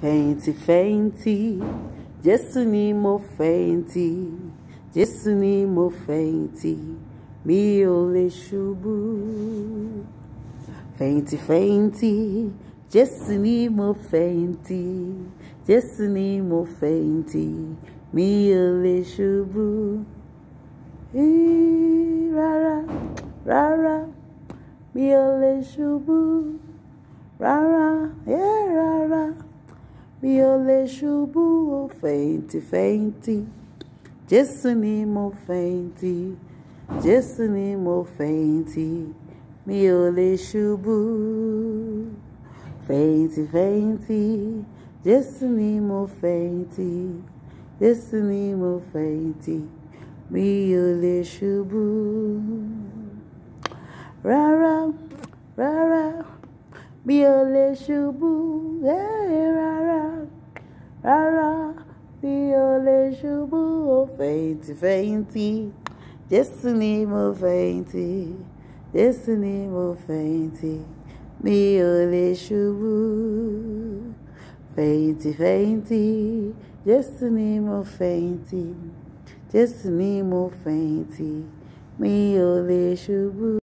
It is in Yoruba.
Fainty, fainty, jésù ni mo fainty, jésù need mo fainty, me ò shubu. Fainty, fainty, just jésù ni mo fainty. jésù ni mo fẹ̀yìntì mi shubu. lè rárá rárá mi shubu. Rara, rárá bí shubu lè ṣubú ó fẹ̀yìntì fẹ̀yìntì jésù ni mo fẹ̀yìntì jésù ni mo fẹ̀yìntì mi shubu. lè ṣubú fẹ̀yìntì jésù ni mo fẹ̀yìntì jésù ni mo fẹ̀yìntì mi shubu. rárá rárá mi shubu. lè ṣubú rárá rárá mi ò lè ṣubú o le fainty fainty, just jésù ni mo fẹ̀yìntì jésù ni mo fẹ̀yìntì mi ò shubu, fainty fainty, just jésù ni mo fẹ̀yìntì jésù ni mo fẹ̀yìntì mi ò lè ṣubú.